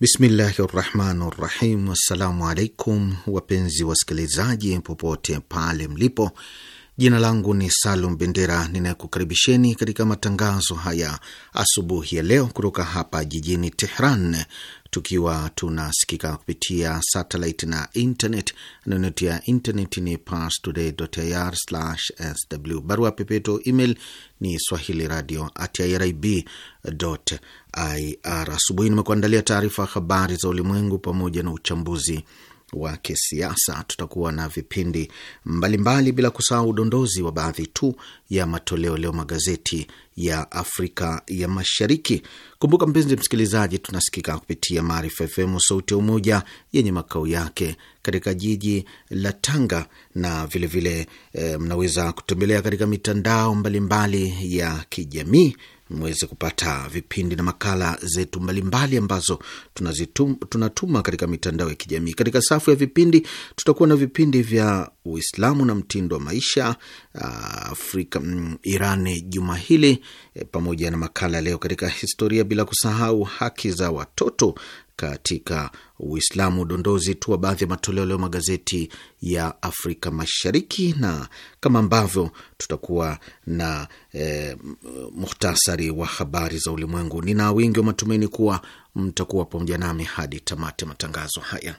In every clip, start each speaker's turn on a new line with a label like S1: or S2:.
S1: Bismillahi rahmani rahim. Assalamu alaikum wapenzi wasikilizaji popote pale mlipo. Jina langu ni Salum Bendera ninayekukaribisheni katika matangazo haya asubuhi ya leo kutoka hapa jijini Tehran tukiwa tunasikika kupitia satellite na internet. Anoneti ya internet ni parstoday.ir/sw. Barua pepeto email ni swahili radio at irib ir. Asubuhi nimekuandalia taarifa habari za ulimwengu pamoja na uchambuzi wa kisiasa. Tutakuwa na vipindi mbalimbali mbali, bila kusahau udondozi wa baadhi tu ya matoleo leo magazeti ya Afrika ya Mashariki. Kumbuka mpenzi msikilizaji, tunasikika kupitia Maarifa FM sauti ya Umoja yenye makao yake katika jiji la Tanga na vilevile vile, e, mnaweza kutembelea katika mitandao mbalimbali mbali ya kijamii mweze kupata vipindi na makala zetu mbalimbali ambazo tunatuma katika mitandao ya kijamii. Katika safu ya vipindi tutakuwa na vipindi vya Uislamu na mtindo wa maisha ah, Afrika, mm, Iran juma hili, eh, pamoja na makala leo katika historia, bila kusahau haki za watoto katika Uislamu. Udondozi tu wa baadhi ya matoleo leo magazeti ya Afrika Mashariki, na kama ambavyo tutakuwa na eh, muhtasari wa habari za ulimwengu. Nina wingi wa matumaini kuwa mtakuwa pamoja nami hadi tamati matangazo haya.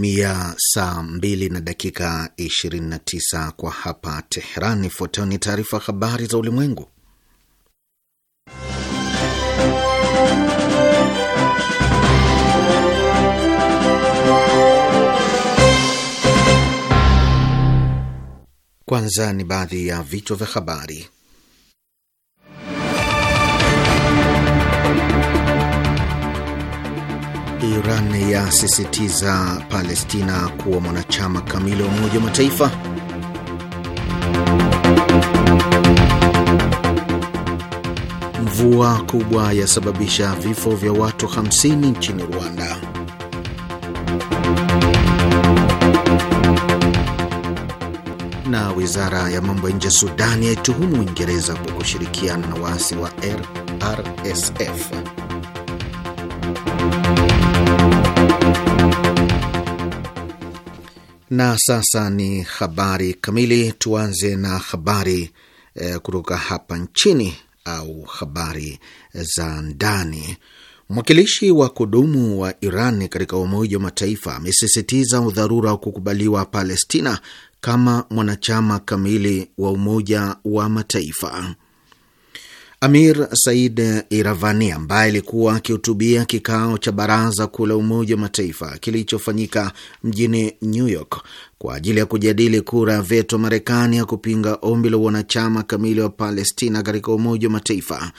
S1: imetimia saa mbili na dakika 29 kwa hapa Teheran. Ifuatayo ni taarifa habari za ulimwengu, kwanza ni baadhi ya vichwa vya habari. Iran yasisitiza Palestina kuwa mwanachama kamili wa Umoja wa Mataifa. Mvua kubwa yasababisha vifo vya watu 50 nchini Rwanda. Na wizara ya mambo ya nje ya Sudani yaituhumu Uingereza kwa kushirikiana na waasi wa RSF. Na sasa ni habari kamili. Tuanze na habari eh, kutoka hapa nchini au habari za ndani. Mwakilishi wa kudumu wa Iran katika Umoja wa Mataifa amesisitiza udharura wa kukubaliwa Palestina kama mwanachama kamili wa Umoja wa Mataifa. Amir Said Iravani ambaye alikuwa akihutubia kikao cha baraza kuu la Umoja wa Mataifa kilichofanyika mjini New York kwa ajili ya kujadili kura ya veto Marekani ya kupinga ombi la wanachama kamili wa Palestina katika Umoja wa Mataifa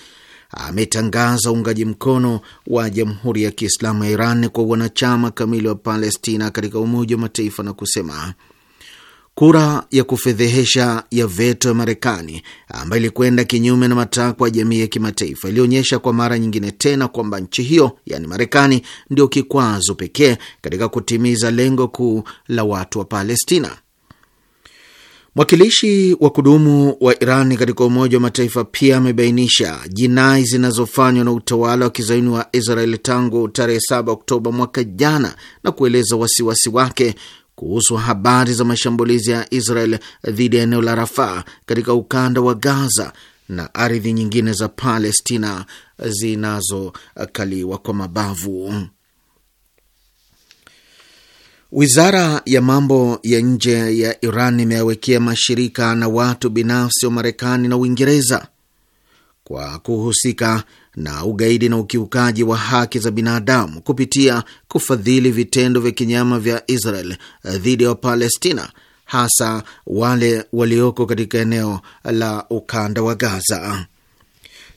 S1: ametangaza uungaji mkono wa Jamhuri ya Kiislamu ya Iran kwa wanachama kamili wa Palestina katika Umoja wa Mataifa na kusema Kura ya kufedhehesha ya veto ya Marekani ambayo ilikwenda kinyume na matakwa ya jamii ya kimataifa ilionyesha kwa mara nyingine tena kwamba nchi hiyo, yaani Marekani, ndio kikwazo pekee katika kutimiza lengo kuu la watu wa Palestina. Mwakilishi wa kudumu wa Iran katika Umoja wa Mataifa pia amebainisha jinai zinazofanywa na utawala wa kizaini wa israel tangu tarehe 7 Oktoba mwaka jana na kueleza wasiwasi wake kuhusu habari za mashambulizi ya Israel dhidi ya eneo la Rafaa katika ukanda wa Gaza na ardhi nyingine za Palestina zinazokaliwa kwa mabavu. Wizara ya mambo ya nje ya Iran imeyawekea mashirika na watu binafsi wa Marekani na Uingereza kwa kuhusika na ugaidi na ukiukaji wa haki za binadamu kupitia kufadhili vitendo vya kinyama vya Israel dhidi ya Wapalestina, hasa wale walioko katika eneo la ukanda wa Gaza.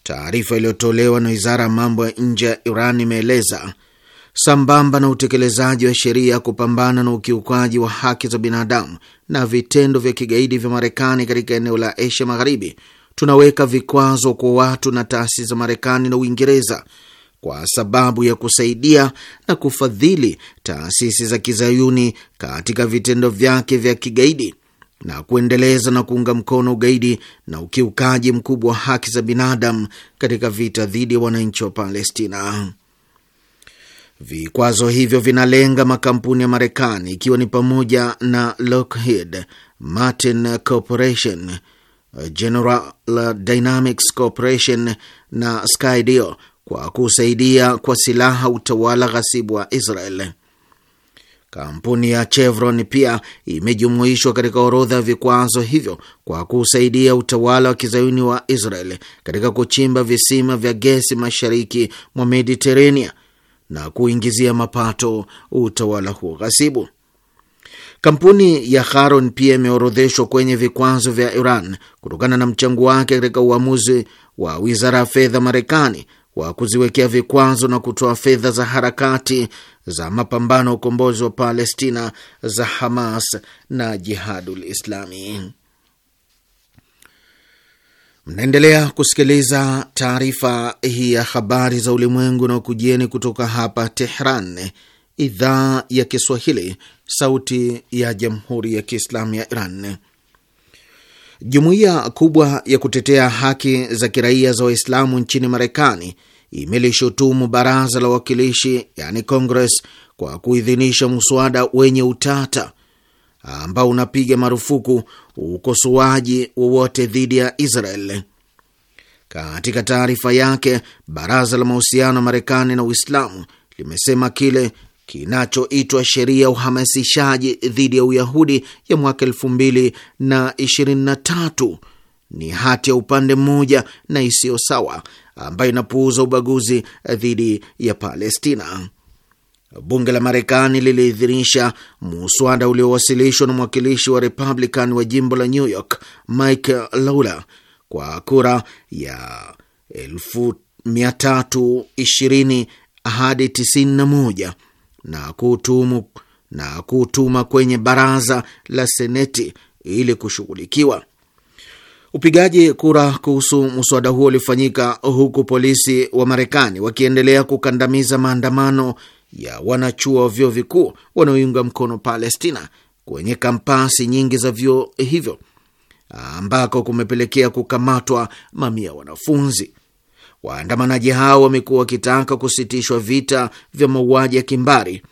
S1: Taarifa iliyotolewa na wizara ya mambo ya nje ya Iran imeeleza sambamba na utekelezaji wa sheria ya kupambana na ukiukaji wa haki za binadamu na vitendo vya kigaidi vya Marekani katika eneo la Asia Magharibi, tunaweka vikwazo kwa watu na taasisi za Marekani na Uingereza kwa sababu ya kusaidia na kufadhili taasisi za kizayuni katika vitendo vyake vya kigaidi na kuendeleza na kuunga mkono ugaidi na ukiukaji mkubwa wa haki za binadamu katika vita dhidi ya wananchi wa Palestina. Vikwazo hivyo vinalenga makampuni ya Marekani ikiwa ni pamoja na Lockheed Martin Corporation Uh, General Dynamics Corporation na Skydio kwa kusaidia kwa silaha utawala ghasibu wa Israel. Kampuni ya Chevron pia imejumuishwa katika orodha ya vikwazo hivyo kwa kusaidia utawala wa kizayuni wa Israel katika kuchimba visima vya gesi mashariki mwa Mediterania na kuingizia mapato utawala huo ghasibu. Kampuni ya Kharon pia imeorodheshwa kwenye vikwazo vya Iran kutokana na mchango wake katika uamuzi wa wizara ya fedha Marekani wa kuziwekea vikwazo na kutoa fedha za harakati za mapambano ya ukombozi wa Palestina za Hamas na Jihadul Islami. Mnaendelea kusikiliza taarifa hii ya habari za ulimwengu na ukujieni kutoka hapa Tehran, idhaa ya Kiswahili, Sauti ya Jamhuri ya Kiislamu ya Iran. Jumuiya kubwa ya kutetea haki za kiraia za Waislamu nchini Marekani imelishutumu baraza la wawakilishi, yani Congress, kwa kuidhinisha mswada wenye utata ambao unapiga marufuku ukosoaji wowote dhidi ya Israel. Katika taarifa yake, baraza la mahusiano ya Marekani na Uislamu limesema kile kinachoitwa sheria ya uhamasishaji dhidi ya Uyahudi ya mwaka elfu mbili na ishirini na tatu ni hati ya upande mmoja na isiyo sawa ambayo inapuuza ubaguzi dhidi ya Palestina. Bunge la Marekani liliidhinisha muswada uliowasilishwa na mwakilishi wa Republican wa jimbo la New York Mike Lawler kwa kura ya 1320 hadi 91 na kutumu na kutuma kwenye baraza la seneti ili kushughulikiwa. Upigaji kura kuhusu mswada huo ulifanyika huku polisi wa Marekani wakiendelea kukandamiza maandamano ya wanachuo wa vyuo vikuu wanaoiunga mkono Palestina kwenye kampasi nyingi za vyuo hivyo ambako kumepelekea kukamatwa mamia wanafunzi. Waandamanaji hao wamekuwa wakitaka kusitishwa vita vya mauaji ya kimbari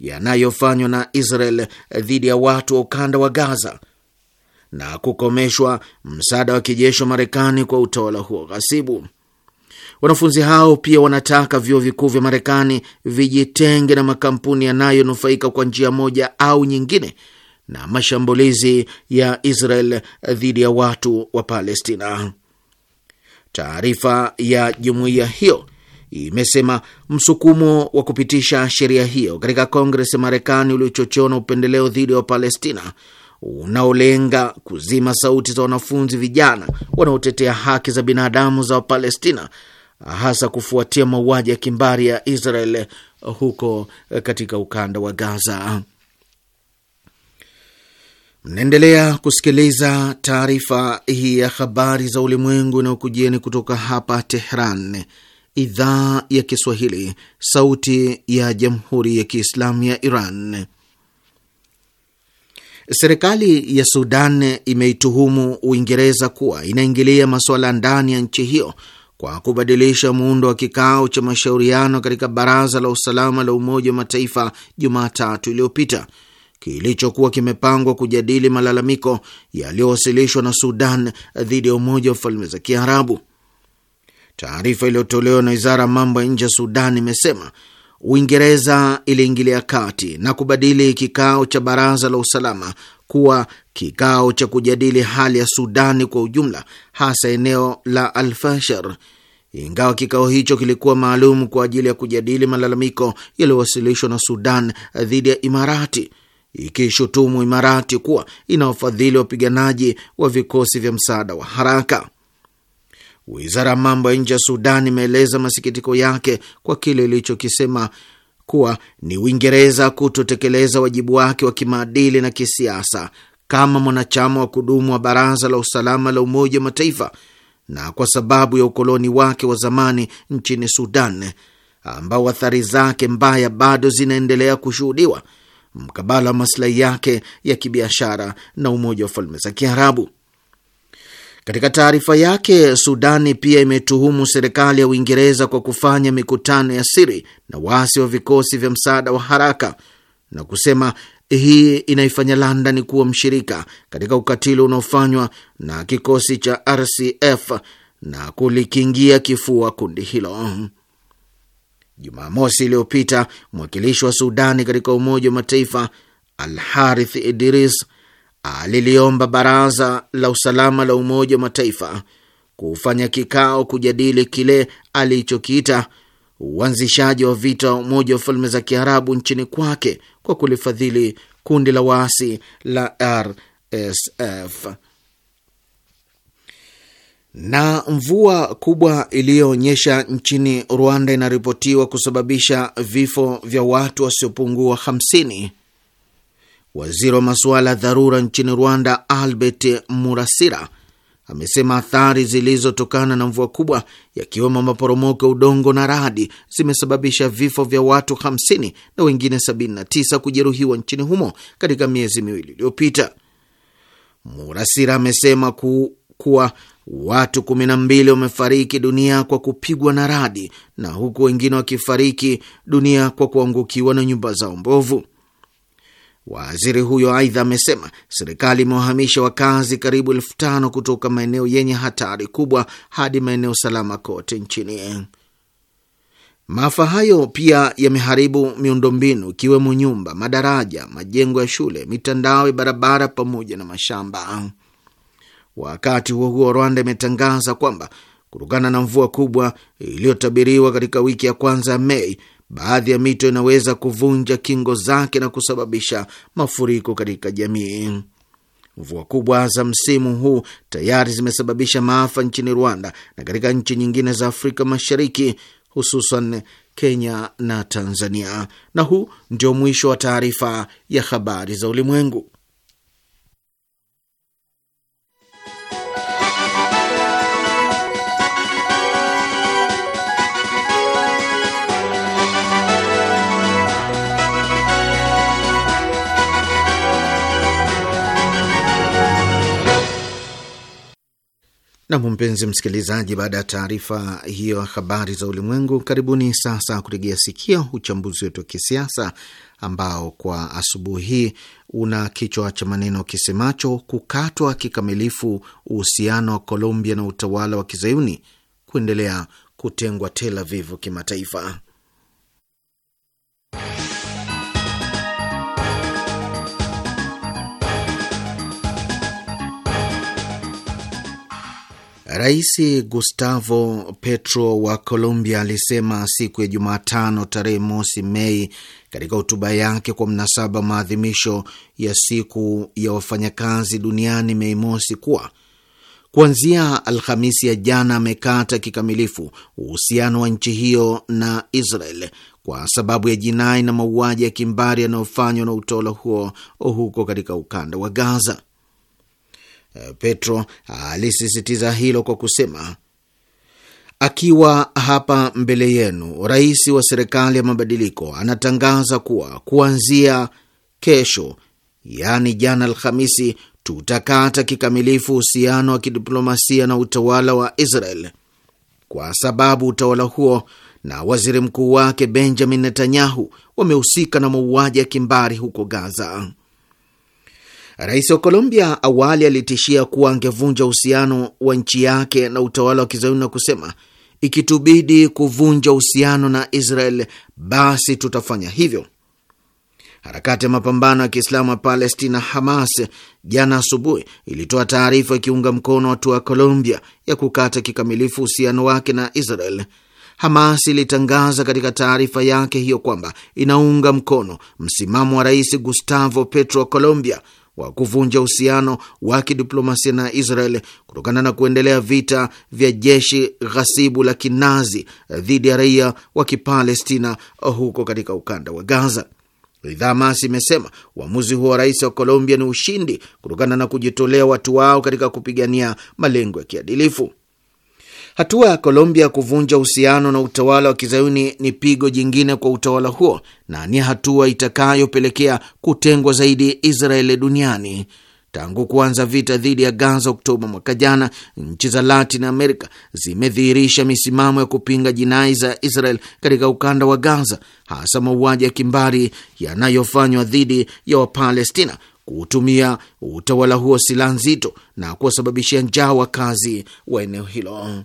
S1: yanayofanywa na Israel dhidi ya watu wa ukanda wa Gaza na kukomeshwa msaada wa kijeshi wa Marekani kwa utawala huo ghasibu. Wanafunzi hao pia wanataka vyuo vikuu vya Marekani vijitenge na makampuni yanayonufaika kwa njia moja au nyingine na mashambulizi ya Israel dhidi ya watu wa Palestina. Taarifa ya jumuiya hiyo imesema msukumo wa kupitisha sheria hiyo katika Kongres ya Marekani uliochochewa na upendeleo dhidi ya Wapalestina unaolenga kuzima sauti za wanafunzi vijana wanaotetea haki za binadamu za Wapalestina, hasa kufuatia mauaji ya kimbari ya Israel huko katika ukanda wa Gaza. Mnaendelea kusikiliza taarifa hii ya habari za ulimwengu na ukujieni kutoka hapa Tehran, idhaa ya Kiswahili, sauti ya jamhuri ya kiislamu ya Iran. Serikali ya Sudan imeituhumu Uingereza kuwa inaingilia masuala ndani ya nchi hiyo kwa kubadilisha muundo wa kikao cha mashauriano katika Baraza la Usalama la Umoja wa Mataifa Jumatatu iliyopita kilichokuwa kimepangwa kujadili malalamiko yaliyowasilishwa na Sudan dhidi ya Umoja wa Falme za Kiarabu. Taarifa iliyotolewa na wizara ya mambo ya nje ya Sudan imesema Uingereza iliingilia kati na kubadili kikao cha baraza la usalama kuwa kikao cha kujadili hali ya Sudani kwa ujumla, hasa eneo la Alfashar, ingawa kikao hicho kilikuwa maalum kwa ajili ya kujadili malalamiko yaliyowasilishwa na Sudan dhidi ya Imarati ikishutumu Imarati kuwa inawafadhili wapiganaji wa vikosi vya msaada wa haraka. Wizara ya mambo ya nje ya Sudan imeeleza masikitiko yake kwa kile ilichokisema kuwa ni Uingereza kutotekeleza wajibu wake wa kimaadili na kisiasa kama mwanachama wa kudumu wa Baraza la Usalama la Umoja wa Mataifa na kwa sababu ya ukoloni wake wa zamani nchini Sudan ambao athari zake mbaya bado zinaendelea kushuhudiwa mkabala wa maslahi yake ya kibiashara na Umoja wa Falme za Kiarabu. Katika taarifa yake, Sudani pia imetuhumu serikali ya Uingereza kwa kufanya mikutano ya siri na waasi wa vikosi vya msaada wa haraka na kusema hii inaifanya London kuwa mshirika katika ukatili unaofanywa na kikosi cha RCF na kulikingia kifua kundi hilo. Jumamosi iliyopita mwakilishi wa Sudani katika Umoja wa Mataifa Al Harith Idris aliliomba Baraza la Usalama la Umoja wa Mataifa kufanya kikao kujadili kile alichokiita uanzishaji wa vita wa Umoja wa Falme za Kiarabu nchini kwake kwa kulifadhili kundi la waasi la RSF. Na mvua kubwa iliyoonyesha nchini Rwanda inaripotiwa kusababisha vifo vya watu wasiopungua 50. Waziri wa masuala ya dharura nchini Rwanda, Albert Murasira, amesema athari zilizotokana na mvua kubwa, yakiwemo maporomoko ya udongo na radi, zimesababisha vifo vya watu 50 na wengine 79 kujeruhiwa nchini humo katika miezi miwili iliyopita. Murasira amesema ku, kuwa watu mbili wamefariki dunia kwa kupigwa na radi na huku wengine wakifariki dunia kwa kuangukiwa na nyumba zao mbovu. Waziri huyo aidha amesema serikali imewahamisha wakazi karibu elfu tano kutoka maeneo yenye hatari kubwa hadi maeneo salama kote nchini. Maafa hayo pia yameharibu miundombinu ikiwemo nyumba, madaraja, majengo ya shule, mitandao ya barabara pamoja na mashamba. Wakati huo huo, Rwanda imetangaza kwamba kutokana na mvua kubwa iliyotabiriwa katika wiki ya kwanza ya Mei, baadhi ya mito inaweza kuvunja kingo zake na kusababisha mafuriko katika jamii. Mvua kubwa za msimu huu tayari zimesababisha maafa nchini Rwanda na katika nchi nyingine za Afrika Mashariki, hususan Kenya na Tanzania. Na huu ndio mwisho wa taarifa ya habari za ulimwengu. Nam, mpenzi msikilizaji, baada ya taarifa hiyo habari za ulimwengu, karibuni sasa kutegea sikio uchambuzi wetu wa kisiasa ambao kwa asubuhi hii una kichwa cha maneno kisemacho kukatwa kikamilifu uhusiano wa Colombia na utawala wa kizayuni kuendelea kutengwa Tel Avivu kimataifa. Rais Gustavo Petro wa Colombia alisema siku ya Jumatano tarehe mosi Mei katika hotuba yake kwa mnasaba maadhimisho ya siku ya wafanyakazi duniani Mei mosi kuwa kuanzia Alhamisi ya jana amekata kikamilifu uhusiano wa nchi hiyo na Israel kwa sababu ya jinai na mauaji ya kimbari yanayofanywa na utawala huo huko katika ukanda wa Gaza. Eh, Petro alisisitiza hilo kwa kusema, akiwa hapa mbele yenu, rais wa serikali ya mabadiliko anatangaza kuwa kuanzia kesho, yaani jana Alhamisi, tutakata kikamilifu uhusiano wa kidiplomasia na utawala wa Israel kwa sababu utawala huo na waziri mkuu wake Benjamin Netanyahu wamehusika na mauaji ya kimbari huko Gaza. Rais wa Colombia awali alitishia kuwa angevunja uhusiano wa nchi yake na utawala wa kizayuni na kusema, ikitubidi kuvunja uhusiano na Israel basi tutafanya hivyo. Harakati ya mapambano ya Kiislamu ya Palestina, Hamas, jana asubuhi ilitoa taarifa ikiunga mkono hatua ya Colombia ya kukata kikamilifu uhusiano wake na Israel. Hamas ilitangaza katika taarifa yake hiyo kwamba inaunga mkono msimamo wa Rais Gustavo Petro wa Colombia wa kuvunja uhusiano wa kidiplomasia na Israel kutokana na kuendelea vita vya jeshi ghasibu la kinazi dhidi ya raia wa Kipalestina huko katika ukanda wa Gaza. Ridhaa Mas imesema uamuzi huo wa rais wa Colombia ni ushindi kutokana na kujitolea watu wao katika kupigania malengo ya kiadilifu. Hatua ya Colombia kuvunja uhusiano na utawala wa kizayuni ni pigo jingine kwa utawala huo na ni hatua itakayopelekea kutengwa zaidi Israeli duniani. Tangu kuanza vita dhidi ya Gaza Oktoba mwaka jana, nchi za Latin America zimedhihirisha misimamo ya kupinga jinai za Israel katika ukanda wa Gaza, hasa mauaji ya kimbari yanayofanywa dhidi ya Wapalestina, kutumia utawala huo silaha nzito na kuwasababishia njaa wakazi wa eneo hilo.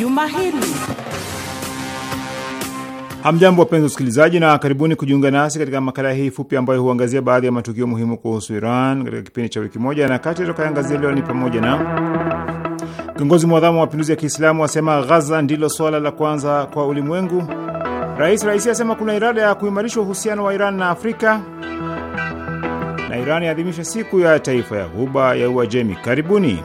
S2: juma hili.
S3: Hamjambo, wapenzi wasikilizaji, na karibuni kujiunga nasi katika makala hii fupi ambayo huangazia baadhi ya matukio muhimu kuhusu Iran katika kipindi cha wiki moja, na kati tutakayoangazia leo ni pamoja na kiongozi mwadhamu wa mapinduzi ya Kiislamu asema Ghaza ndilo suala la kwanza kwa ulimwengu. Rais Raisi asema kuna irada ya kuimarisha uhusiano wa Iran na Afrika, na Iran yaadhimisha siku ya taifa ya Ghuba ya Uajemi. Karibuni.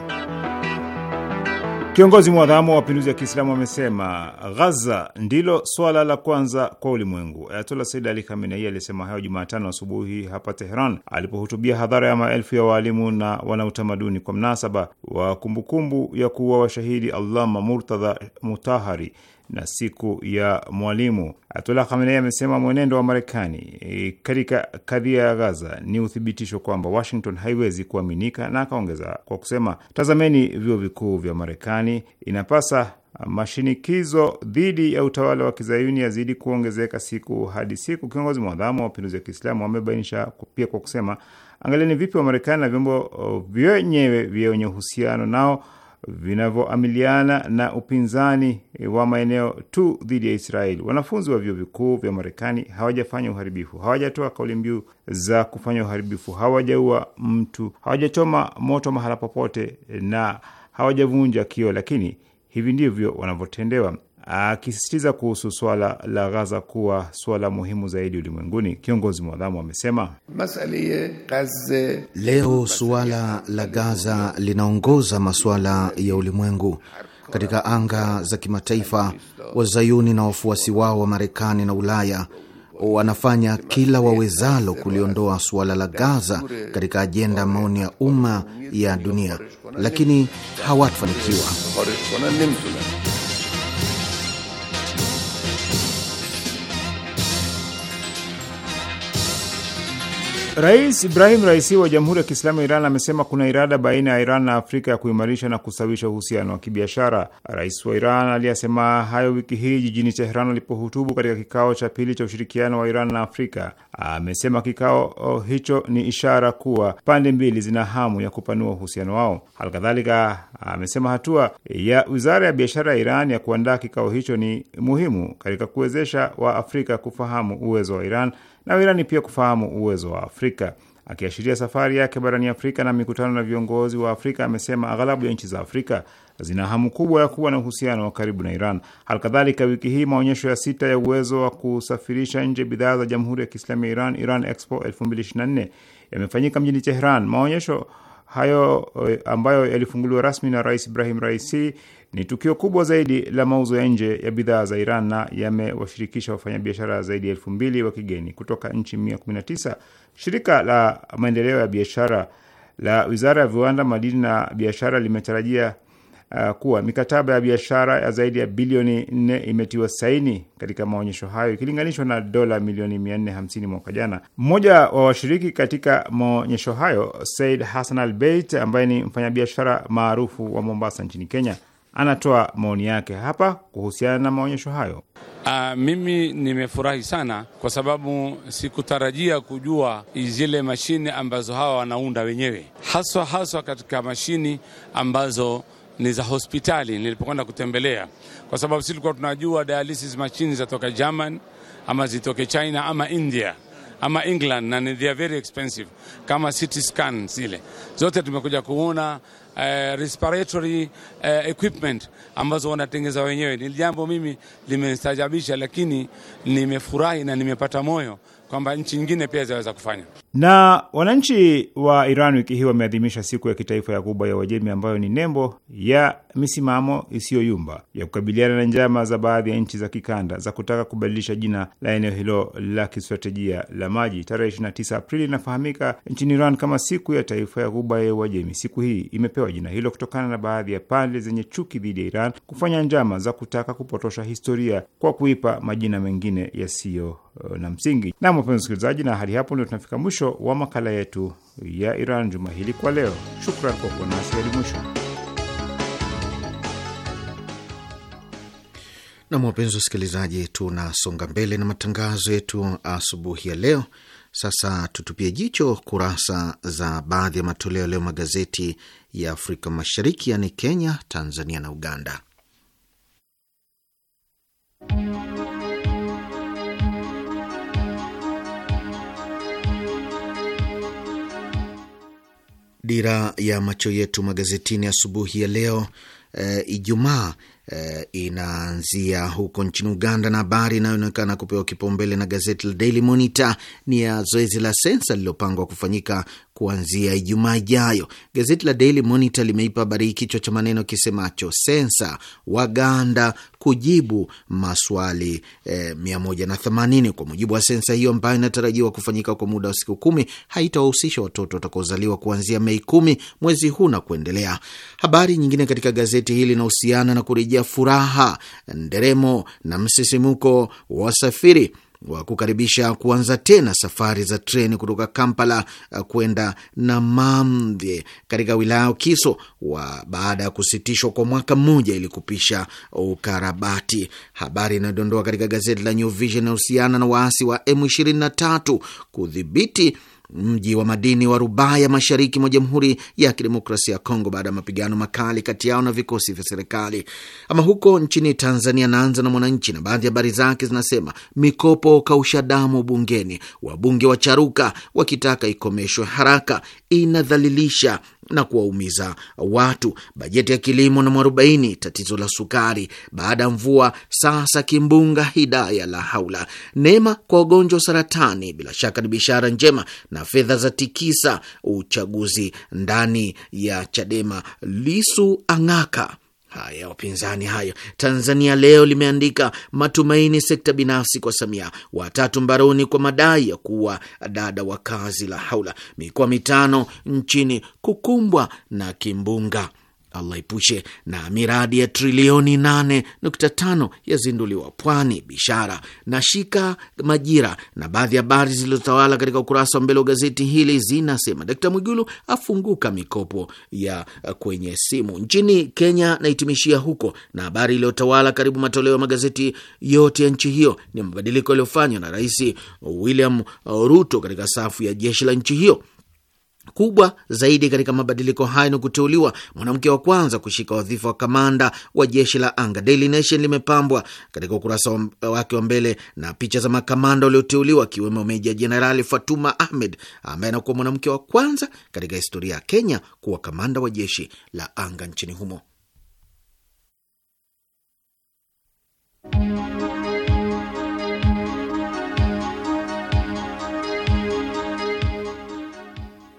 S3: Kiongozi mwadhamu wa mapinduzi ya Kiislamu amesema Ghaza ndilo swala la kwanza kwa ulimwengu. Ayatola Said Ali Khamenei alisema hayo Jumatano asubuhi hapa Teheran alipohutubia hadhara ya maelfu ya waalimu na wanautamaduni kwa mnasaba wa kumbukumbu ya kuwa washahidi Allama Murtadha Mutahari na siku ya mwalimu. Ayatullah Khamenei amesema mwenendo wa Marekani e, katika kadhia ya Gaza ni uthibitisho kwamba Washington haiwezi kuaminika, na akaongeza kwa kusema, tazameni vyuo vikuu vya Marekani, inapasa mashinikizo dhidi ya utawala wa kizayuni yazidi kuongezeka siku hadi siku. Kiongozi mwadhamu wa mapinduzi ya Kiislamu amebainisha pia kwa kusema, angalieni vipi Wamarekani na vyombo vyenyewe vyenye uhusiano nao vinavyoamiliana na upinzani wa maeneo tu dhidi ya Israeli. Wanafunzi wa vyuo vikuu vya Marekani hawajafanya uharibifu, hawajatoa kauli mbiu za kufanya uharibifu, hawajaua mtu, hawajachoma moto mahala popote na hawajavunja kio, lakini hivi ndivyo wanavyotendewa akisisitiza kuhusu swala la Ghaza kuwa swala muhimu zaidi ulimwenguni. Kiongozi mwadhamu amesema leo suala
S1: la Gaza linaongoza masuala ya ulimwengu katika anga za kimataifa. Wazayuni na wafuasi wao wa Marekani na Ulaya wanafanya kila wawezalo kuliondoa suala la Gaza katika ajenda maoni ya umma ya dunia, lakini hawatafanikiwa.
S3: Rais Ibrahim Raisi wa Jamhuri ya Kiislamu ya Iran amesema kuna irada baina ya Iran na Afrika ya kuimarisha na kusawisha uhusiano wa kibiashara. Rais wa Iran aliyasema hayo wiki hii jijini Teheran alipohutubu katika kikao cha pili cha ushirikiano wa Iran na Afrika. Amesema kikao hicho ni ishara kuwa pande mbili zina hamu ya kupanua uhusiano wao. Halikadhalika amesema hatua ya Wizara ya Biashara ya Iran ya kuandaa kikao hicho ni muhimu katika kuwezesha Waafrika kufahamu uwezo wa Iran na Wairani pia kufahamu uwezo wa Afrika. Akiashiria safari yake barani Afrika na mikutano na viongozi wa Afrika, amesema aghalabu ya nchi za Afrika zina hamu kubwa ya kuwa na uhusiano wa karibu na Iran. Halikadhalika, wiki hii maonyesho ya sita ya uwezo wa kusafirisha nje bidhaa za Jamhuri ya Kiislamu ya Iran, Iran Expo 2024 yamefanyika mjini teheran Maonyesho hayo eh, ambayo yalifunguliwa rasmi na Rais Ibrahim Raisi ni tukio kubwa zaidi la mauzo ya nje ya bidhaa za Iran na yamewashirikisha wafanyabiashara zaidi ya elfu mbili wa kigeni kutoka nchi 119. Shirika la maendeleo ya biashara la Wizara ya Viwanda, Madini na Biashara limetarajia uh, kuwa mikataba ya biashara ya zaidi ya bilioni nne imetiwa saini katika maonyesho hayo ikilinganishwa na dola milioni 450 mwaka jana. Mmoja wa washiriki katika maonyesho hayo Said Hassan Albeit, ambaye ni mfanyabiashara maarufu wa Mombasa nchini Kenya, anatoa maoni yake hapa kuhusiana na maonyesho hayo. Uh, mimi nimefurahi sana kwa sababu sikutarajia kujua zile mashine ambazo hawa wanaunda wenyewe, haswa haswa katika mashini ambazo ni za hospitali nilipokwenda kutembelea, kwa sababu sisi tulikuwa tunajua dialysis machines zatoka German ama zitoke China ama India ama England na they are very expensive kama CT scan zile zote tumekuja kuona. Uh, respiratory uh, equipment ambazo wanatengeza wenyewe ni jambo mimi limenistajabisha, lakini nimefurahi na nimepata moyo kwamba nchi nyingine pia zinaweza kufanya. Na wananchi wa Iran wiki hii wameadhimisha siku ya kitaifa ya Ghuba ya Uajemi, ambayo ni nembo ya misimamo isiyoyumba ya kukabiliana na njama za baadhi ya nchi za kikanda za kutaka kubadilisha jina la eneo hilo la kistratejia la maji. Tarehe 29 Aprili inafahamika nchini Iran kama siku ya taifa ya Ghuba ya Uajemi. Siku hii imepewa jina hilo kutokana na baadhi ya pande zenye chuki dhidi ya Iran kufanya njama za kutaka kupotosha historia kwa kuipa majina mengine yasiyo Eh, na msingi. Na wapenzi wasikilizaji, na hadi hapo ndio tunafika mwisho wa makala yetu ya Iran juma hili kwa leo. Shukran kwa kuwa nasi hadi mwisho.
S1: Na wapenzi wasikilizaji, tunasonga mbele na matangazo yetu asubuhi ya leo. Sasa tutupie jicho kurasa za baadhi ya matoleo leo magazeti ya Afrika Mashariki, yaani Kenya, Tanzania na Uganda. Dira ya macho yetu magazetini asubuhi ya, leo e, Ijumaa e, inaanzia huko nchini Uganda, na habari inayoonekana kupewa kipaumbele na gazeti la Daily Monitor ni ya zoezi la sensa lililopangwa kufanyika kuanzia Ijumaa ijayo. Gazeti la Daily Monitor limeipa habari hii kichwa cha maneno kisemacho sensa Waganda kujibu maswali eh, 180. Kwa mujibu wa sensa hiyo ambayo inatarajiwa kufanyika kwa muda wa siku kumi, haitawahusisha watoto watakaozaliwa kuanzia Mei kumi mwezi huu na kuendelea. Habari nyingine katika gazeti hili inahusiana na kurejea furaha, nderemo na msisimuko wa wasafiri wa kukaribisha kuanza tena safari za treni kutoka Kampala uh, kwenda Namamdhe katika wilaya Kiso wa baada ya kusitishwa kwa mwaka mmoja ili kupisha ukarabati. Habari inayodondoa katika gazeti la New Vision inahusiana na waasi wa M23 kudhibiti mji wa madini wa Rubaya mashariki mwa Jamhuri ya Kidemokrasia ya Kongo baada ya mapigano makali kati yao na vikosi vya serikali. Ama huko nchini Tanzania, naanza na Mwananchi na baadhi ya habari zake zinasema: mikopo kausha damu bungeni, wabunge wacharuka wakitaka ikomeshwe haraka, inadhalilisha na kuwaumiza watu, bajeti ya kilimo na mwarobaini, tatizo la sukari baada ya mvua, sasa kimbunga Hidaya la haula, neema kwa wagonjwa saratani, bila shaka ni bishara njema, na fedha za tikisa uchaguzi ndani ya Chadema, Lisu ang'aka Haya, wapinzani hayo. Tanzania Leo limeandika matumaini sekta binafsi kwa Samia, watatu mbaroni kwa madai ya kuwa dada wa kazi. La haula, mikoa mitano nchini kukumbwa na kimbunga. Allah ipushe na miradi ya trilioni 8.5 yazinduliwa Pwani, Bishara na Shika Majira na baadhi ya habari zilizotawala katika ukurasa wa mbele wa gazeti hili zinasema: Dkt Mwigulu afunguka mikopo ya kwenye simu nchini Kenya. Naitimishia huko na habari iliyotawala karibu matoleo ya magazeti yote ya nchi hiyo ni mabadiliko yaliyofanywa na Rais William Ruto katika safu ya jeshi la nchi hiyo kubwa zaidi katika mabadiliko hayo ni kuteuliwa mwanamke wa kwanza kushika wadhifa wa kamanda wa jeshi la anga. Daily Nation limepambwa katika ukurasa wake wa mbele na picha za makamanda walioteuliwa, akiwemo Meja Jenerali Fatuma Ahmed ambaye anakuwa mwanamke wa kwanza katika historia ya Kenya kuwa kamanda wa jeshi la anga nchini humo.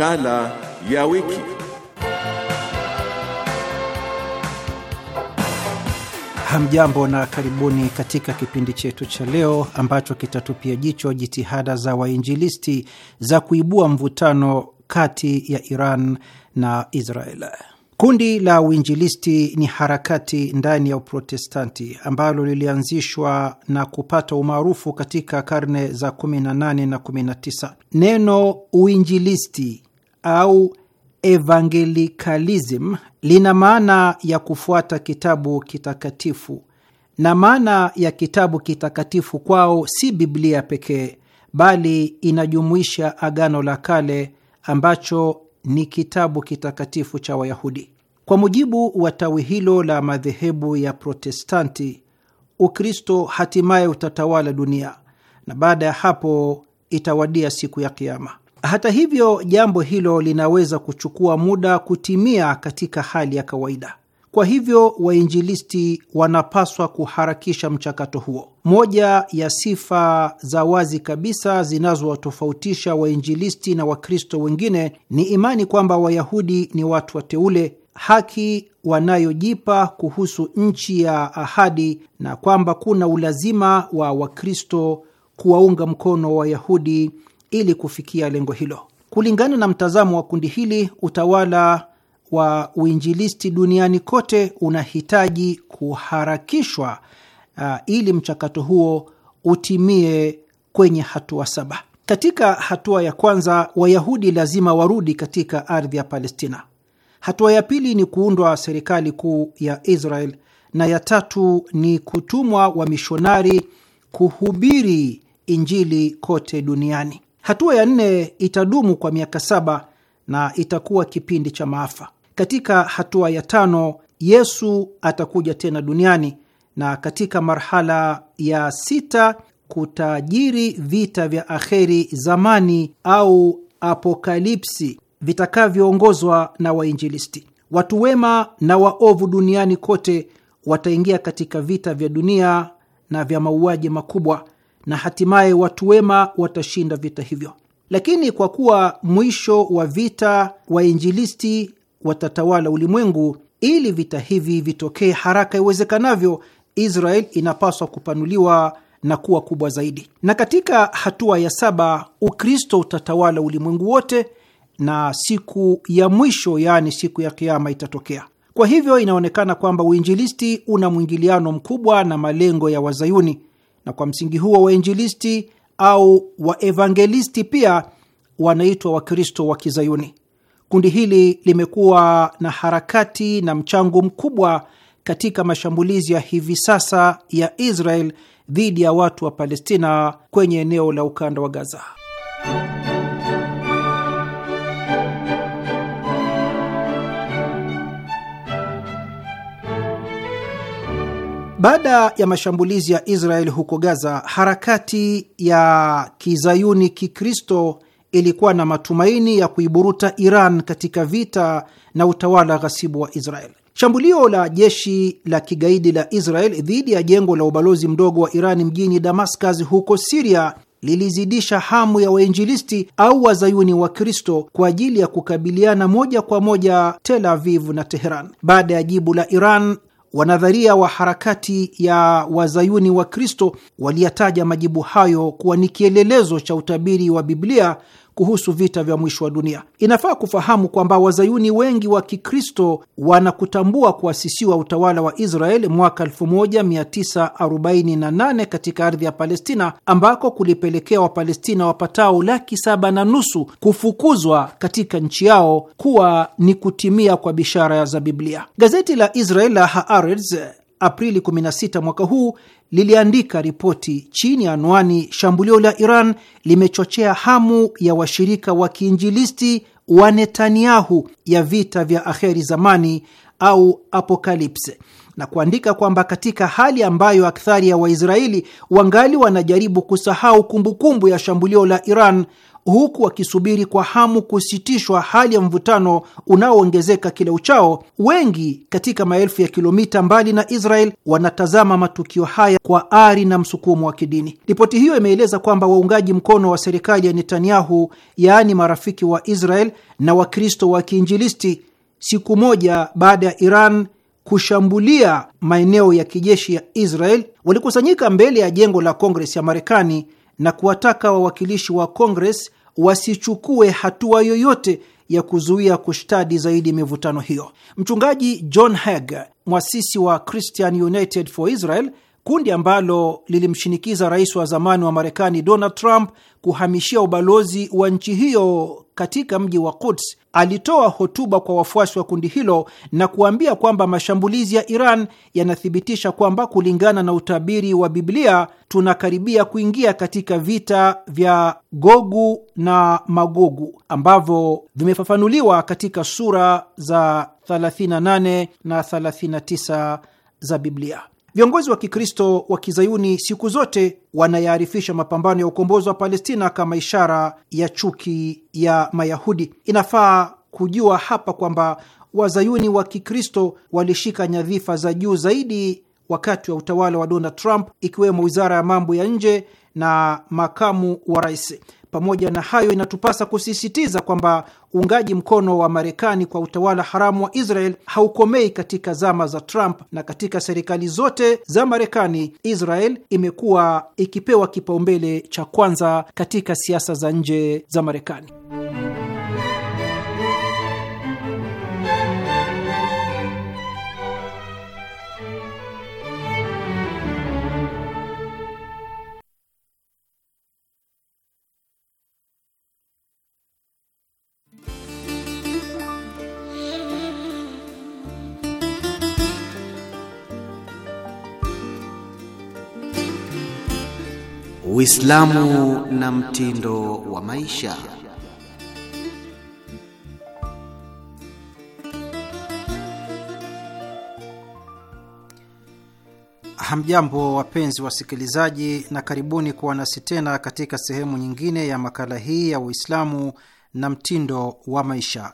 S4: Makala ya wiki.
S5: Hamjambo na karibuni katika kipindi chetu cha leo ambacho kitatupia jicho jitihada za wainjilisti za kuibua mvutano kati ya Iran na Israel. Kundi la uinjilisti ni harakati ndani ya Uprotestanti ambalo lilianzishwa na kupata umaarufu katika karne za 18 na 19. Neno uinjilisti au evangelicalism lina maana ya kufuata kitabu kitakatifu, na maana ya kitabu kitakatifu kwao si Biblia pekee, bali inajumuisha Agano la Kale ambacho ni kitabu kitakatifu cha Wayahudi. Kwa mujibu wa tawi hilo la madhehebu ya Protestanti, Ukristo hatimaye utatawala dunia na baada ya hapo itawadia siku ya Kiama. Hata hivyo, jambo hilo linaweza kuchukua muda kutimia katika hali ya kawaida. Kwa hivyo wainjilisti wanapaswa kuharakisha mchakato huo. Moja ya sifa za wazi kabisa zinazowatofautisha wainjilisti na Wakristo wengine ni imani kwamba Wayahudi ni watu wateule, haki wanayojipa kuhusu nchi ya ahadi, na kwamba kuna ulazima wa Wakristo kuwaunga mkono Wayahudi ili kufikia lengo hilo. Kulingana na mtazamo wa kundi hili, utawala wa uinjilisti duniani kote unahitaji kuharakishwa uh, ili mchakato huo utimie kwenye hatua saba. Katika hatua ya kwanza, Wayahudi lazima warudi katika ardhi ya Palestina. Hatua ya pili ni kuundwa serikali kuu ya Israel, na ya tatu ni kutumwa wamishonari kuhubiri Injili kote duniani. Hatua ya nne itadumu kwa miaka saba na itakuwa kipindi cha maafa. Katika hatua ya tano Yesu atakuja tena duniani, na katika marhala ya sita kutajiri vita vya akheri zamani au apokalipsi vitakavyoongozwa na wainjilisti. Watu wema na waovu duniani kote wataingia katika vita vya dunia na vya mauaji makubwa na hatimaye watu wema watashinda vita hivyo. Lakini kwa kuwa mwisho wa vita wainjilisti watatawala ulimwengu, ili vita hivi vitokee haraka iwezekanavyo, Israel inapaswa kupanuliwa na kuwa kubwa zaidi. Na katika hatua ya saba, Ukristo utatawala ulimwengu wote na siku ya mwisho, yaani siku ya kiama itatokea. Kwa hivyo inaonekana kwamba uinjilisti una mwingiliano mkubwa na malengo ya Wazayuni na kwa msingi huo wainjilisti au waevangelisti pia wanaitwa Wakristo wa Kizayuni. Kundi hili limekuwa na harakati na mchango mkubwa katika mashambulizi ya hivi sasa ya Israel dhidi ya watu wa Palestina kwenye eneo la ukanda wa Gaza. Baada ya mashambulizi ya Israel huko Gaza, harakati ya kizayuni kikristo ilikuwa na matumaini ya kuiburuta Iran katika vita na utawala ghasibu wa Israel. Shambulio la jeshi la kigaidi la Israel dhidi ya jengo la ubalozi mdogo wa Iran mjini Damascus huko Siria lilizidisha hamu ya wainjilisti au wazayuni wa Kristo kwa ajili ya kukabiliana moja kwa moja Tel Aviv na Teheran. Baada ya jibu la Iran Wanadharia wa harakati ya wazayuni wa Kristo waliyataja majibu hayo kuwa ni kielelezo cha utabiri wa Biblia kuhusu vita vya mwisho wa dunia. Inafaa kufahamu kwamba wazayuni wengi wa Kikristo wanakutambua kuasisiwa utawala wa Israel mwaka 1948 katika ardhi ya Palestina, ambako kulipelekea Wapalestina wapatao laki saba na nusu kufukuzwa katika nchi yao, kuwa ni kutimia kwa bishara za Biblia. Gazeti la Israel la Haaretz Aprili 16 mwaka huu liliandika ripoti chini ya anwani shambulio la Iran limechochea hamu ya washirika wa kiinjilisti wa Netanyahu ya vita vya akheri zamani au apokalipse na kuandika kwamba katika hali ambayo akthari ya Waisraeli wangali wanajaribu kusahau kumbukumbu kumbu ya shambulio la Iran huku wakisubiri kwa hamu kusitishwa hali ya mvutano unaoongezeka kila uchao, wengi katika maelfu ya kilomita mbali na Israel wanatazama matukio haya kwa ari na msukumo wa kidini. Ripoti hiyo imeeleza kwamba waungaji mkono wa serikali ya Netanyahu, yaani marafiki wa Israel na Wakristo wa Kiinjilisti, siku moja baada ya Iran kushambulia maeneo ya kijeshi ya Israel walikusanyika mbele ya jengo la Kongres ya Marekani na kuwataka wawakilishi wa Kongres wasichukue hatua yoyote ya kuzuia kushtadi zaidi mivutano hiyo. Mchungaji John Hagg, mwasisi wa Christian United for Israel, kundi ambalo lilimshinikiza rais wa zamani wa Marekani Donald Trump kuhamishia ubalozi wa nchi hiyo katika mji wa Quds alitoa hotuba kwa wafuasi wa kundi hilo na kuambia kwamba mashambulizi ya Iran yanathibitisha kwamba kulingana na utabiri wa Biblia tunakaribia kuingia katika vita vya Gogu na Magogu ambavyo vimefafanuliwa katika sura za 38 na 39 za Biblia. Viongozi wa Kikristo wa Kizayuni siku zote wanayaarifisha mapambano ya ukombozi wa Palestina kama ishara ya chuki ya Mayahudi. Inafaa kujua hapa kwamba Wazayuni wa Kikristo walishika nyadhifa za juu zaidi wakati wa utawala wa Donald Trump, ikiwemo wizara ya mambo ya nje na makamu wa rais. Pamoja na hayo, inatupasa kusisitiza kwamba uungaji mkono wa Marekani kwa utawala haramu wa Israel haukomei katika zama za Trump, na katika serikali zote za Marekani, Israel imekuwa ikipewa kipaumbele cha kwanza katika siasa za nje za Marekani.
S1: Uislamu na mtindo wa maisha.
S5: Hamjambo, wapenzi wasikilizaji, na karibuni kuwa nasi tena katika sehemu nyingine ya makala hii ya Uislamu na mtindo wa maisha.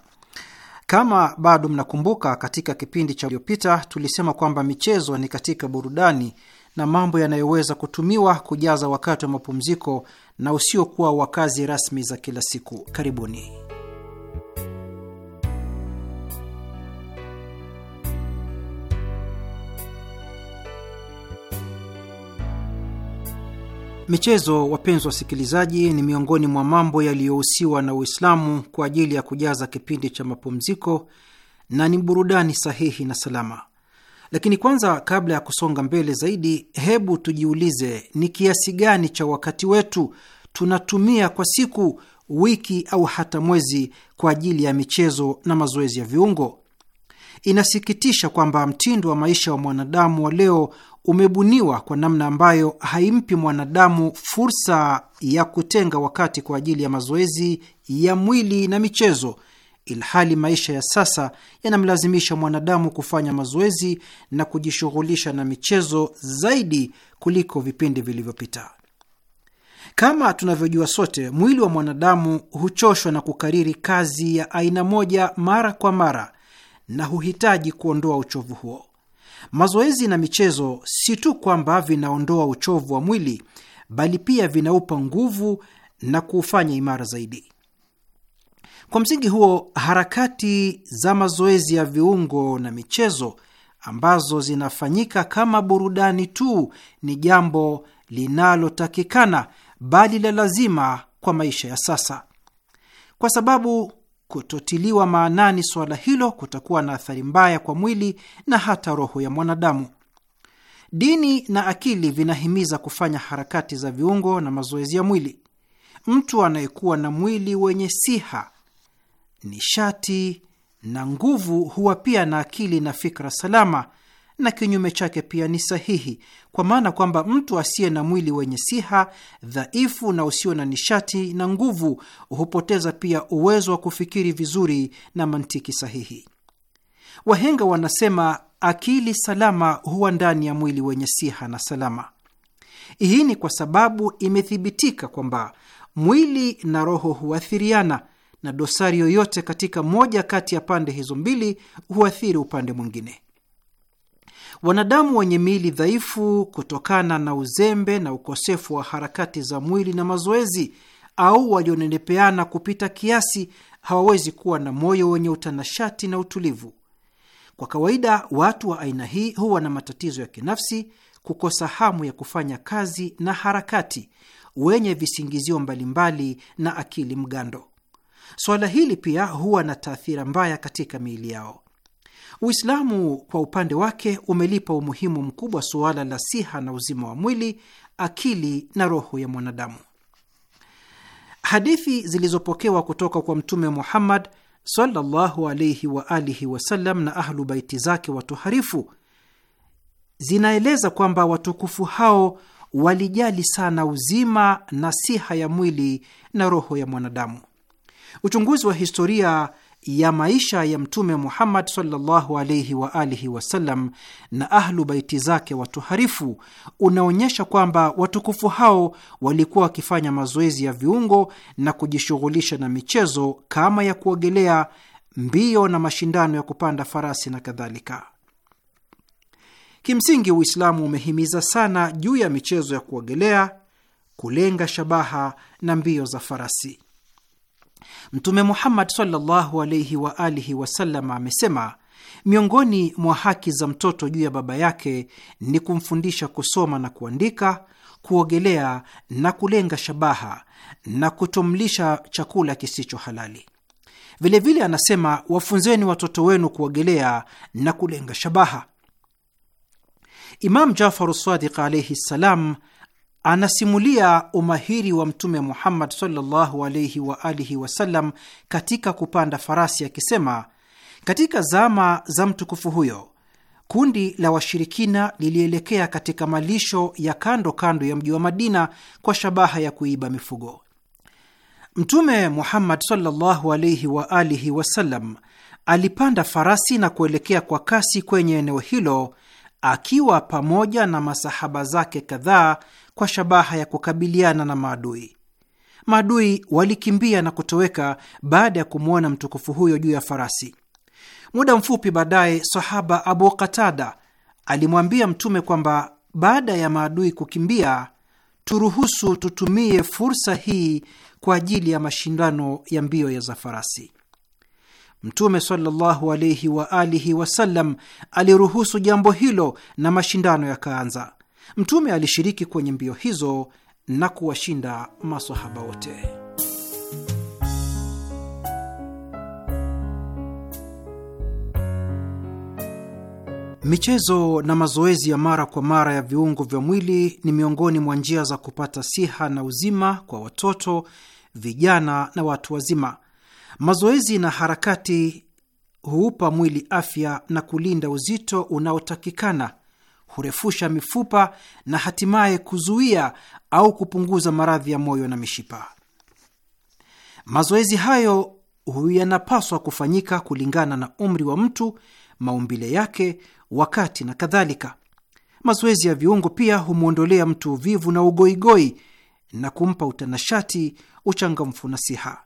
S5: Kama bado mnakumbuka, katika kipindi cha uliopita tulisema kwamba michezo ni katika burudani na mambo yanayoweza kutumiwa kujaza wakati wa mapumziko na usiokuwa wa kazi rasmi za kila siku. Karibuni. Michezo, wapenzi wasikilizaji, ni miongoni mwa mambo yaliyohusiwa na Uislamu kwa ajili ya kujaza kipindi cha mapumziko na ni burudani sahihi na salama. Lakini kwanza, kabla ya kusonga mbele zaidi, hebu tujiulize ni kiasi gani cha wakati wetu tunatumia kwa siku, wiki au hata mwezi kwa ajili ya michezo na mazoezi ya viungo. Inasikitisha kwamba mtindo wa maisha wa mwanadamu wa leo umebuniwa kwa namna ambayo haimpi mwanadamu fursa ya kutenga wakati kwa ajili ya mazoezi ya mwili na michezo ilhali maisha ya sasa yanamlazimisha mwanadamu kufanya mazoezi na kujishughulisha na michezo zaidi kuliko vipindi vilivyopita. Kama tunavyojua sote, mwili wa mwanadamu huchoshwa na kukariri kazi ya aina moja mara kwa mara na huhitaji kuondoa uchovu huo. Mazoezi na michezo si tu kwamba vinaondoa uchovu wa mwili, bali pia vinaupa nguvu na kuufanya imara zaidi. Kwa msingi huo, harakati za mazoezi ya viungo na michezo ambazo zinafanyika kama burudani tu ni jambo linalotakikana, bali la lazima kwa maisha ya sasa, kwa sababu kutotiliwa maanani suala hilo kutakuwa na athari mbaya kwa mwili na hata roho ya mwanadamu. Dini na akili vinahimiza kufanya harakati za viungo na mazoezi ya mwili. Mtu anayekuwa na mwili wenye siha nishati na nguvu huwa pia na akili na fikra salama, na kinyume chake pia ni sahihi, kwa maana kwamba mtu asiye na mwili wenye siha, dhaifu na usio na nishati na nguvu hupoteza pia uwezo wa kufikiri vizuri na mantiki sahihi. Wahenga wanasema akili salama huwa ndani ya mwili wenye siha na salama. Hii ni kwa sababu imethibitika kwamba mwili na roho huathiriana na dosari yoyote katika moja kati ya pande hizo mbili huathiri upande mwingine. Wanadamu wenye miili dhaifu kutokana na uzembe na ukosefu wa harakati za mwili na mazoezi, au walionenepeana kupita kiasi, hawawezi kuwa na moyo wenye utanashati na utulivu. Kwa kawaida, watu wa aina hii huwa na matatizo ya kinafsi, kukosa hamu ya kufanya kazi na harakati, wenye visingizio mbalimbali na akili mgando. Swala hili pia huwa na taathira mbaya katika miili yao. Uislamu kwa upande wake umelipa umuhimu mkubwa suala la siha na uzima wa mwili, akili na roho ya mwanadamu. Hadithi zilizopokewa kutoka kwa Mtume Muhammad sallallahu wa alihi wasallam na ahlu baiti zake watoharifu zinaeleza kwamba watukufu hao walijali sana uzima na siha ya mwili na roho ya mwanadamu. Uchunguzi wa historia ya maisha ya Mtume Muhammad sallallahu alaihi wa alihi wasallam na Ahlu Baiti zake watuharifu unaonyesha kwamba watukufu hao walikuwa wakifanya mazoezi ya viungo na kujishughulisha na michezo kama ya kuogelea, mbio na mashindano ya kupanda farasi na kadhalika. Kimsingi, Uislamu umehimiza sana juu ya michezo ya kuogelea, kulenga shabaha na mbio za farasi. Mtume Muhammad sallallahu alaihi wa alihi wasallam amesema, miongoni mwa haki za mtoto juu ya baba yake ni kumfundisha kusoma na kuandika, kuogelea na kulenga shabaha na kutomlisha chakula kisicho halali. Vilevile vile anasema, wafunzeni watoto wenu kuogelea na kulenga shabaha. Imam Jafaru Sadiq alaihi ssalam anasimulia umahiri wa Mtume Muhammad sallallahu alaihi wa alihi wasallam katika kupanda farasi akisema, katika zama za mtukufu huyo kundi la washirikina lilielekea katika malisho ya kando kando ya mji wa Madina kwa shabaha ya kuiba mifugo. Mtume Muhammad sallallahu alaihi wa alihi wasallam alipanda farasi na kuelekea kwa kasi kwenye eneo hilo akiwa pamoja na masahaba zake kadhaa kwa shabaha ya kukabiliana na maadui. Maadui walikimbia na kutoweka baada ya kumwona mtukufu huyo juu ya farasi. Muda mfupi baadaye, sahaba Abu Qatada alimwambia Mtume kwamba baada ya maadui kukimbia, turuhusu tutumie fursa hii kwa ajili ya mashindano ya mbio ya za farasi. Mtume sallallahu alayhi wa alihi wasallam aliruhusu jambo hilo na mashindano yakaanza. Mtume alishiriki kwenye mbio hizo na kuwashinda masahaba wote. Michezo na mazoezi ya mara kwa mara ya viungo vya mwili ni miongoni mwa njia za kupata siha na uzima kwa watoto, vijana na watu wazima. Mazoezi na harakati huupa mwili afya na kulinda uzito unaotakikana hurefusha mifupa na hatimaye kuzuia au kupunguza maradhi ya moyo na mishipa. Mazoezi hayo yanapaswa kufanyika kulingana na umri wa mtu, maumbile yake, wakati na kadhalika. Mazoezi ya viungo pia humwondolea mtu uvivu na ugoigoi na kumpa utanashati, uchangamfu na siha.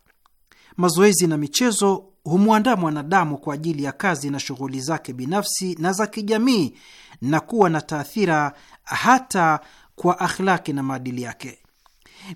S5: Mazoezi na michezo humwandaa mwanadamu kwa ajili ya kazi na shughuli zake binafsi na za kijamii na kuwa na taathira hata kwa akhlaki na maadili yake.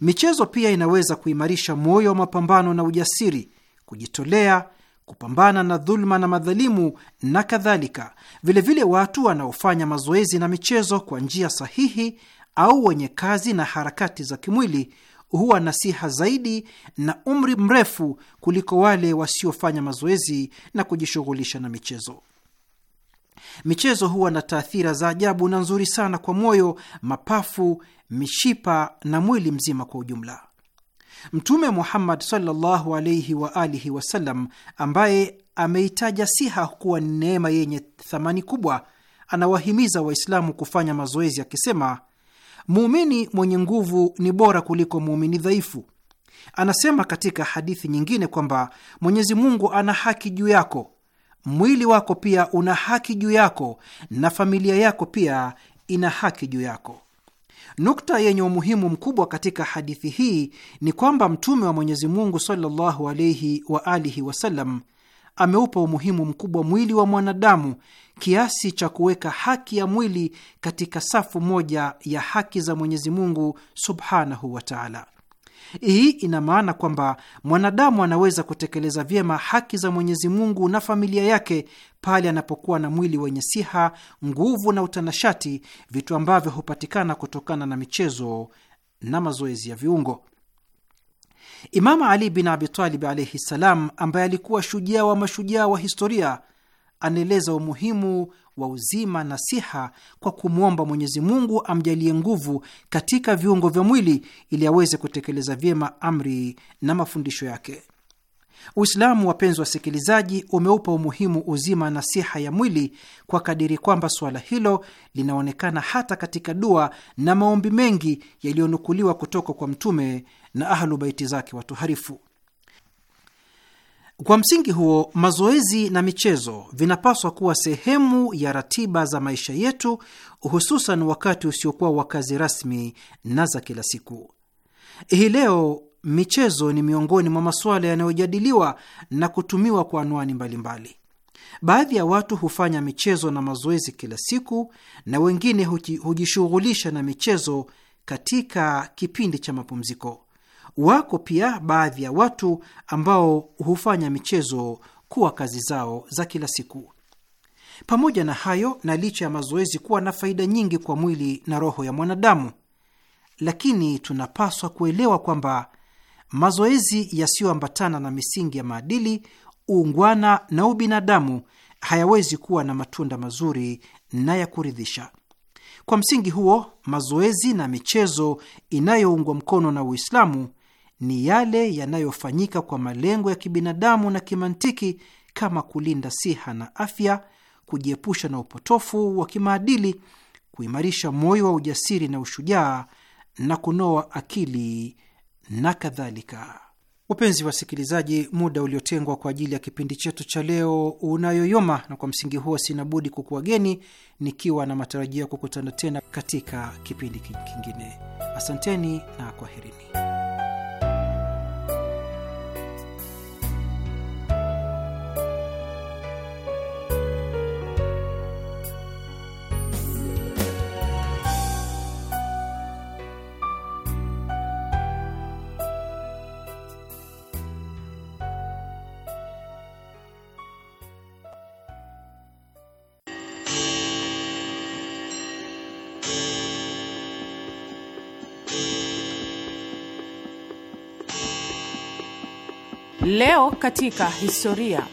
S5: Michezo pia inaweza kuimarisha moyo wa mapambano na ujasiri, kujitolea, kupambana na dhuluma na madhalimu na kadhalika. Vilevile, watu wanaofanya mazoezi na michezo kwa njia sahihi au wenye kazi na harakati za kimwili huwa na siha zaidi na umri mrefu kuliko wale wasiofanya mazoezi na kujishughulisha na michezo. Michezo huwa na taathira za ajabu na nzuri sana kwa moyo, mapafu, mishipa na mwili mzima kwa ujumla. Mtume Muhammad sallallahu alaihi wa alihi wasallam, ambaye ameitaja siha kuwa ni neema yenye thamani kubwa, anawahimiza Waislamu kufanya mazoezi akisema: muumini mwenye nguvu ni bora kuliko muumini dhaifu. Anasema katika hadithi nyingine kwamba Mwenyezi Mungu ana haki juu yako, mwili wako pia una haki juu yako, na familia yako pia ina haki juu yako. Nukta yenye umuhimu mkubwa katika hadithi hii ni kwamba Mtume wa Mwenyezi Mungu sallallahu alaihi wa alihi wasallam ameupa umuhimu mkubwa mwili wa mwanadamu kiasi cha kuweka haki ya mwili katika safu moja ya haki za Mwenyezi Mungu subhanahu wa taala. Hii ina maana kwamba mwanadamu anaweza kutekeleza vyema haki za Mwenyezi Mungu na familia yake pale anapokuwa na mwili wenye siha, nguvu na utanashati, vitu ambavyo hupatikana kutokana na michezo na mazoezi ya viungo. Imamu Ali bin Abitalib alaihi ssalam, ambaye alikuwa shujaa wa mashujaa wa historia, anaeleza umuhimu wa uzima na siha kwa kumwomba Mwenyezi Mungu amjalie nguvu katika viungo vya mwili ili aweze kutekeleza vyema amri na mafundisho yake. Uislamu, wapenzi wasikilizaji, umeupa umuhimu uzima na siha ya mwili kwa kadiri kwamba suala hilo linaonekana hata katika dua na maombi mengi yaliyonukuliwa kutoka kwa Mtume na Ahlu Baiti zake watuharifu. Kwa msingi huo, mazoezi na michezo vinapaswa kuwa sehemu ya ratiba za maisha yetu, hususan wakati usiokuwa wa kazi rasmi na za kila siku. Hii leo michezo ni miongoni mwa masuala yanayojadiliwa na kutumiwa kwa anwani mbalimbali. Baadhi ya watu hufanya michezo na mazoezi kila siku na wengine hujishughulisha na michezo katika kipindi cha mapumziko. Wako pia baadhi ya watu ambao hufanya michezo kuwa kazi zao za kila siku. Pamoja na hayo, na licha ya mazoezi kuwa na faida nyingi kwa mwili na roho ya mwanadamu, lakini tunapaswa kuelewa kwamba mazoezi yasiyoambatana na misingi ya maadili, uungwana na ubinadamu hayawezi kuwa na matunda mazuri na ya kuridhisha. Kwa msingi huo, mazoezi na michezo inayoungwa mkono na Uislamu ni yale yanayofanyika kwa malengo ya kibinadamu na kimantiki kama kulinda siha na afya, kujiepusha na upotofu wa kimaadili, kuimarisha moyo wa ujasiri na ushujaa na kunoa akili na kadhalika. Wapenzi wasikilizaji, muda uliotengwa kwa ajili ya kipindi chetu cha leo unayoyoma, na kwa msingi huo sina budi kukuwageni nikiwa na matarajio ya kukutana tena katika kipindi kingine. Asanteni na kwaherini.
S2: Leo katika historia.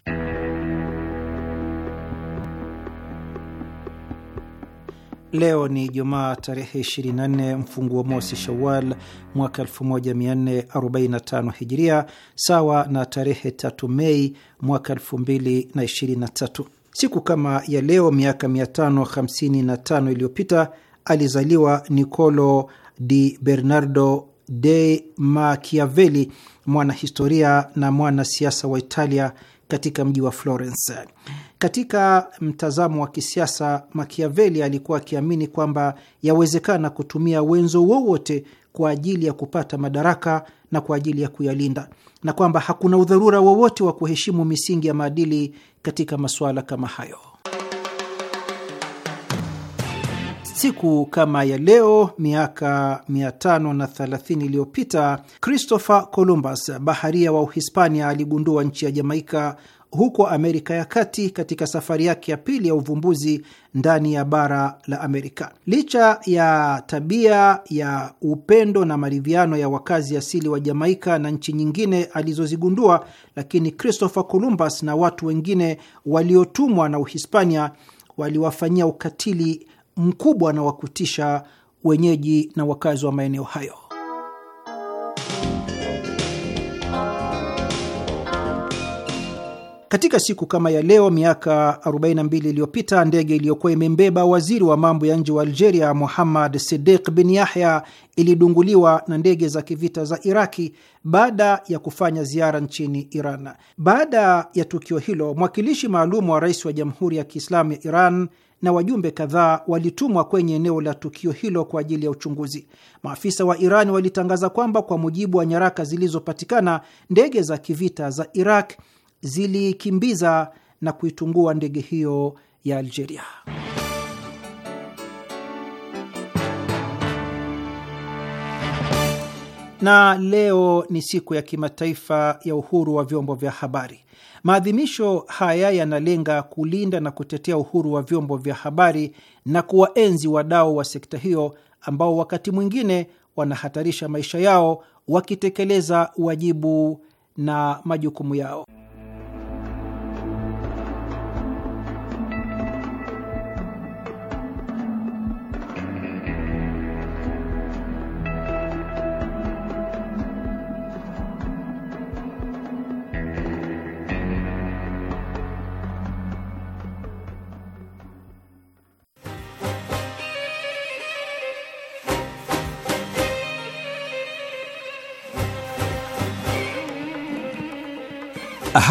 S5: Leo ni Jumaa tarehe 24 mfunguo mosi Shawal mwaka 1445 Hijiria, sawa na tarehe 3 Mei mwaka 2023. Siku kama ya leo miaka 555 iliyopita alizaliwa Nicolo di Bernardo de Machiavelli, mwanahistoria na mwanasiasa wa Italia katika mji wa Florence. Katika mtazamo wa kisiasa, Machiavelli alikuwa akiamini kwamba yawezekana kutumia wenzo wowote kwa ajili ya kupata madaraka na kwa ajili ya kuyalinda, na kwamba hakuna udharura wowote wa kuheshimu misingi ya maadili katika masuala kama hayo. Siku kama ya leo miaka 530 iliyopita Christopher Columbus, baharia wa Uhispania, aligundua nchi ya Jamaika huko Amerika ya Kati katika safari yake ya pili ya uvumbuzi ndani ya bara la Amerika. Licha ya tabia ya upendo na maridhiano ya wakazi asili wa Jamaika na nchi nyingine alizozigundua, lakini Christopher Columbus na watu wengine waliotumwa na Uhispania waliwafanyia ukatili mkubwa na wa kutisha wenyeji na wakazi wa maeneo hayo. Katika siku kama ya leo miaka 42 iliyopita ndege iliyokuwa imembeba waziri wa mambo ya nje wa Algeria Muhammad Sidiq bin Yahya ilidunguliwa na ndege za kivita za Iraki baada ya kufanya ziara nchini Iran. Baada ya tukio hilo, mwakilishi maalum wa rais wa Jamhuri ya Kiislamu ya Iran na wajumbe kadhaa walitumwa kwenye eneo la tukio hilo kwa ajili ya uchunguzi. Maafisa wa Iran walitangaza kwamba kwa mujibu wa nyaraka zilizopatikana, ndege za kivita za Iraq zilikimbiza na kuitungua ndege hiyo ya Algeria. Na leo ni siku ya kimataifa ya uhuru wa vyombo vya habari. Maadhimisho haya yanalenga kulinda na kutetea uhuru wa vyombo vya habari na kuwaenzi wadau wa sekta hiyo ambao wakati mwingine wanahatarisha maisha yao wakitekeleza wajibu na majukumu yao.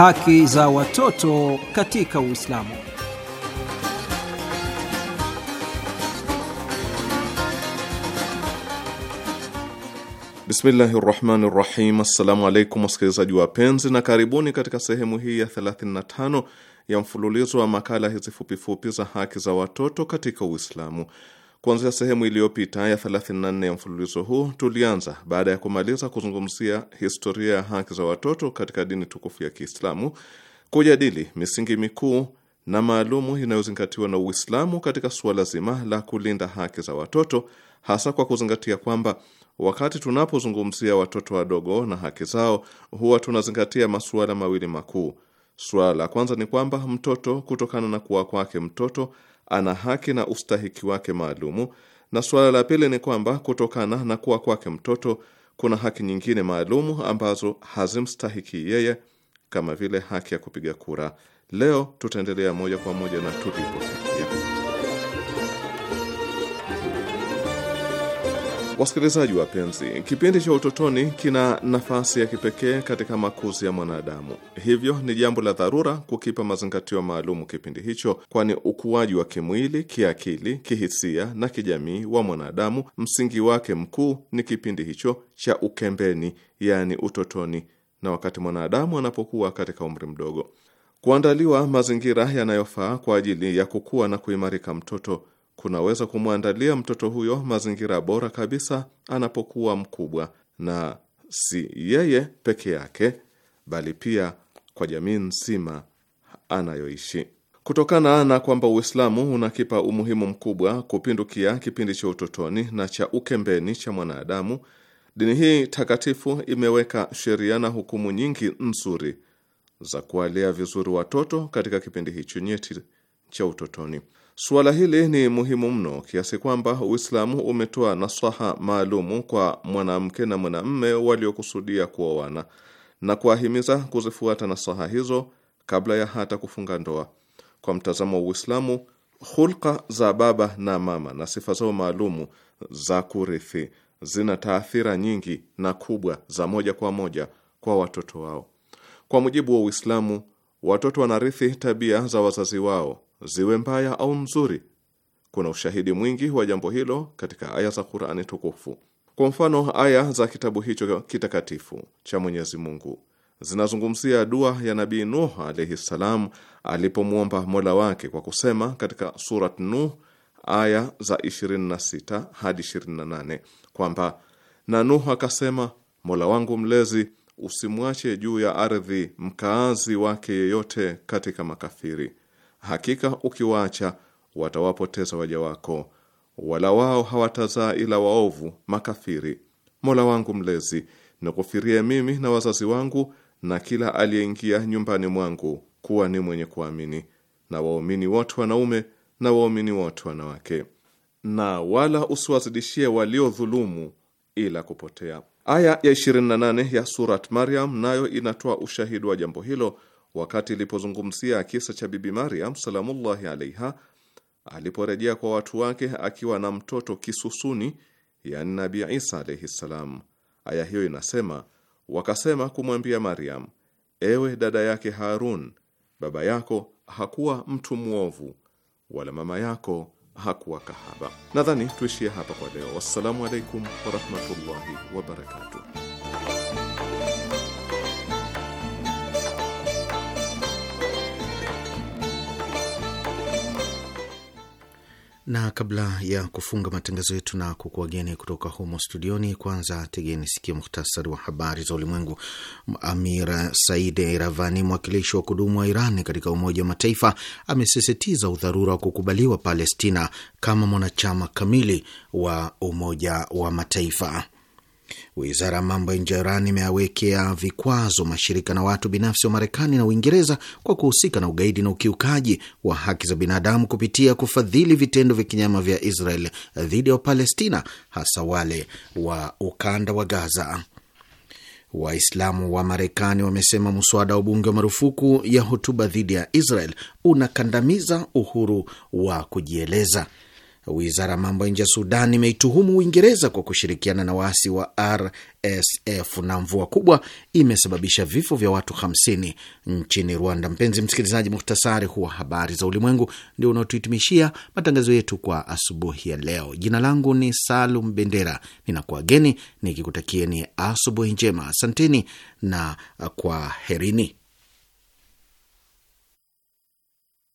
S5: Haki za watoto katika Uislamu.
S4: Bismillahi rahmani rahim. Assalamu alaikum wasikilizaji wapenzi, na karibuni katika sehemu hii ya 35 ya mfululizo wa makala hizi fupifupi za haki za watoto katika Uislamu. Kuanzia sehemu iliyopita ya 34 ya mfululizo huu tulianza baada ya kumaliza kuzungumzia historia ya haki za watoto katika dini tukufu ya Kiislamu, kujadili misingi mikuu na maalumu inayozingatiwa na Uislamu katika suala zima la kulinda haki za watoto, hasa kwa kuzingatia kwamba wakati tunapozungumzia watoto wadogo na haki zao, huwa tunazingatia masuala mawili makuu. Suala la kwanza ni kwamba mtoto, kutokana na kuwa kwake mtoto ana haki na ustahiki wake maalumu, na suala la pili ni kwamba kutokana na kuwa kwake mtoto kuna haki nyingine maalumu ambazo hazimstahiki yeye kama vile haki ya kupiga kura. Leo tutaendelea moja kwa moja na tulipofikia. Wasikilizaji wapenzi, kipindi cha utotoni kina nafasi ya kipekee katika makuzi ya mwanadamu, hivyo ni jambo la dharura kukipa mazingatio maalumu kipindi hicho, kwani ukuaji wa kimwili, kiakili, kihisia na kijamii wa mwanadamu msingi wake mkuu ni kipindi hicho cha ukembeni, yaani utotoni, na wakati mwanadamu anapokuwa katika umri mdogo, kuandaliwa mazingira yanayofaa kwa ajili ya kukua na kuimarika mtoto kunaweza kumwandalia mtoto huyo mazingira bora kabisa anapokuwa mkubwa, na si yeye peke yake, bali pia kwa jamii nzima anayoishi. Kutokana na kwamba Uislamu unakipa umuhimu mkubwa kupindukia kipindi cha utotoni na cha ukembeni cha mwanadamu, dini hii takatifu imeweka sheria na hukumu nyingi nzuri za kuwalea vizuri watoto katika kipindi hicho nyeti cha utotoni. Suala hili ni muhimu mno kiasi kwamba Uislamu umetoa nasaha maalumu kwa mwanamke na mwanamme waliokusudia kuoana na kuwahimiza kuzifuata nasaha hizo kabla ya hata kufunga ndoa. Kwa mtazamo wa Uislamu, hulka za baba na mama na sifa zao maalumu za kurithi zina taathira nyingi na kubwa za moja kwa moja kwa watoto wao. Kwa mujibu wa Uislamu, watoto wanarithi tabia za wazazi wao ziwe mbaya au nzuri. Kuna ushahidi mwingi wa jambo hilo katika aya za Qur'ani tukufu. Kwa mfano, aya za kitabu hicho kitakatifu cha Mwenyezi Mungu zinazungumzia dua ya Nabii Nuh alaihi ssalam alipomwomba Mola wake kwa kusema katika surat Nuh aya za 26 hadi 28 kwamba na Nuh akasema, Mola wangu mlezi, usimwache juu ya ardhi mkaazi wake yeyote katika makafiri Hakika ukiwaacha watawapoteza waja wako, wala wao hawatazaa ila waovu makafiri. Mola wangu mlezi, nikufirie mimi na wazazi wangu na kila aliyeingia nyumbani mwangu kuwa ni mwenye kuamini, na waumini wote wanaume na waumini wote wanawake, na wala usiwazidishie waliodhulumu ila kupotea. Aya ya 28 ya Surat Maryam nayo inatoa ushahidi wa jambo hilo wakati ilipozungumzia kisa cha Bibi mariam salamullahi alaiha aliporejea kwa watu wake akiwa na mtoto kisusuni, yani nabi Isa alaihi ssalam. Aya hiyo inasema, wakasema kumwambia mariam ewe dada yake Harun, baba yako hakuwa mtu mwovu wala mama yako hakuwa kahaba. Nadhani tuishie hapa kwa leo. Wassalamu alaikum warahmatullahi wabarakatuh.
S1: na kabla ya kufunga matangazo yetu na kukuageni kutoka humo studioni, kwanza tegeni sikia muhtasari wa habari za ulimwengu. Amir Said Iravani, mwakilishi wa kudumu wa Iran katika Umoja wa Mataifa, amesisitiza udharura wa kukubaliwa Palestina kama mwanachama kamili wa Umoja wa Mataifa. Wizara ya mambo ya nje ya Iran imeawekea vikwazo mashirika na watu binafsi wa Marekani na Uingereza kwa kuhusika na ugaidi na ukiukaji wa haki za binadamu kupitia kufadhili vitendo vya kinyama vya Israel dhidi ya Wapalestina, hasa wale wa ukanda wa Gaza. Waislamu wa Marekani wamesema mswada wa bunge wa marufuku ya hotuba dhidi ya Israel unakandamiza uhuru wa kujieleza. Wizara ya mambo ya nje ya Sudan imeituhumu Uingereza kwa kushirikiana na waasi wa RSF na mvua kubwa imesababisha vifo vya watu 50 nchini Rwanda. Mpenzi msikilizaji, muhtasari huwa habari za ulimwengu ndio unaotuhitimishia matangazo yetu kwa asubuhi ya leo. Jina langu ni Salum Bendera, ninakuageni nikikutakieni asubuhi njema. Asanteni na kwa herini